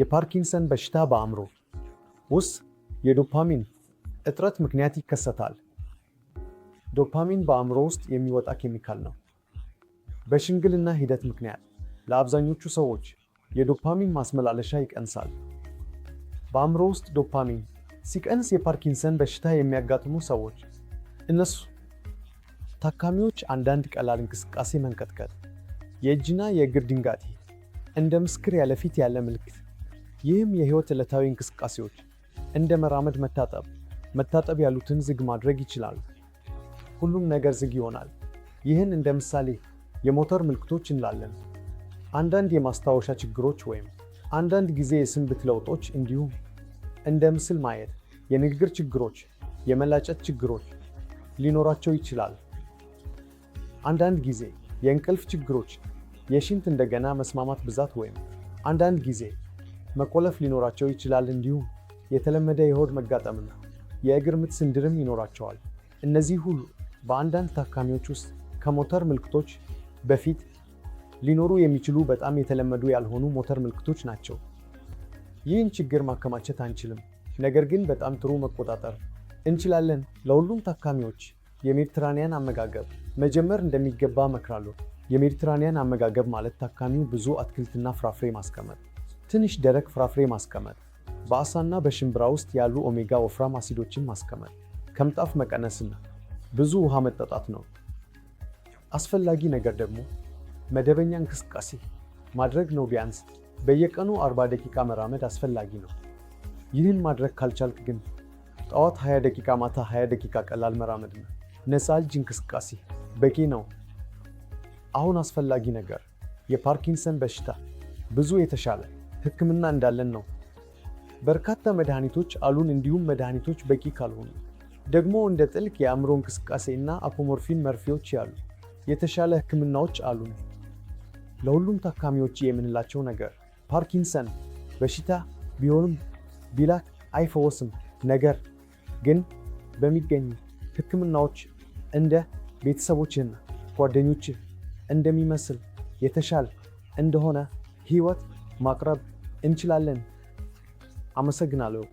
የፓርኪንሰን በሽታ በአእምሮ ውስጥ የዶፓሚን እጥረት ምክንያት ይከሰታል። ዶፓሚን በአእምሮ ውስጥ የሚወጣ ኬሚካል ነው። በሽምግልና ሂደት ምክንያት ለአብዛኞቹ ሰዎች የዶፓሚን ማስመላለሻ ይቀንሳል። በአእምሮ ውስጥ ዶፓሚን ሲቀንስ የፓርኪንሰን በሽታ የሚያጋጥሙ ሰዎች እነሱ ታካሚዎች አንዳንድ ቀላል እንቅስቃሴ መንቀጥቀጥ፣ የእጅና የእግር ድንጋጤ እንደ ምስክር ያለፊት ያለ ምልክት ይህም የህይወት ዕለታዊ እንቅስቃሴዎች እንደ መራመድ፣ መታጠብ፣ መታጠብ ያሉትን ዝግ ማድረግ ይችላል። ሁሉም ነገር ዝግ ይሆናል። ይህን እንደ ምሳሌ የሞተር ምልክቶች እንላለን። አንዳንድ የማስታወሻ ችግሮች ወይም አንዳንድ ጊዜ የስንብት ለውጦች እንዲሁም እንደ ምስል ማየት፣ የንግግር ችግሮች፣ የመላጨት ችግሮች ሊኖራቸው ይችላል። አንዳንድ ጊዜ የእንቅልፍ ችግሮች፣ የሽንት እንደገና መስማማት ብዛት ወይም አንዳንድ ጊዜ መቆለፍ ሊኖራቸው ይችላል። እንዲሁም የተለመደ የሆድ መጋጠምና የእግር ምት ስንድርም ይኖራቸዋል። እነዚህ ሁሉ በአንዳንድ ታካሚዎች ውስጥ ከሞተር ምልክቶች በፊት ሊኖሩ የሚችሉ በጣም የተለመዱ ያልሆኑ ሞተር ምልክቶች ናቸው። ይህን ችግር ማከማቸት አንችልም፣ ነገር ግን በጣም ጥሩ መቆጣጠር እንችላለን። ለሁሉም ታካሚዎች የሜዲትራኒያን አመጋገብ መጀመር እንደሚገባ እመክራለሁ። የሜዲትራኒያን አመጋገብ ማለት ታካሚው ብዙ አትክልትና ፍራፍሬ ማስቀመጥ ትንሽ ደረቅ ፍራፍሬ ማስቀመጥ፣ በአሳና በሽምብራ ውስጥ ያሉ ኦሜጋ ወፍራም አሲዶችን ማስቀመጥ፣ ከምጣፍ መቀነስና ብዙ ውሃ መጠጣት ነው። አስፈላጊ ነገር ደግሞ መደበኛ እንቅስቃሴ ማድረግ ነው። ቢያንስ በየቀኑ 40 ደቂቃ መራመድ አስፈላጊ ነው። ይህን ማድረግ ካልቻልክ ግን ጠዋት 20 ደቂቃ፣ ማታ 20 ደቂቃ ቀላል መራመድ ነው። ነፃ እጅ እንቅስቃሴ በቂ ነው። አሁን አስፈላጊ ነገር የፓርኪንሰን በሽታ ብዙ የተሻለ ህክምና እንዳለን ነው። በርካታ መድኃኒቶች አሉን። እንዲሁም መድኃኒቶች በቂ ካልሆኑ ደግሞ እንደ ጥልቅ የአእምሮ እንቅስቃሴ እና አፖሞርፊን መርፌዎች ያሉ የተሻለ ህክምናዎች አሉን። ለሁሉም ታካሚዎች የምንላቸው ነገር ፓርኪንሰን በሽታ ቢሆንም ቢላክ አይፈወስም። ነገር ግን በሚገኙ ህክምናዎች እንደ ቤተሰቦችህና ጓደኞችህ እንደሚመስል የተሻለ እንደሆነ ህይወት ማቅረብ እንችላለን። አመሰግናለሁ።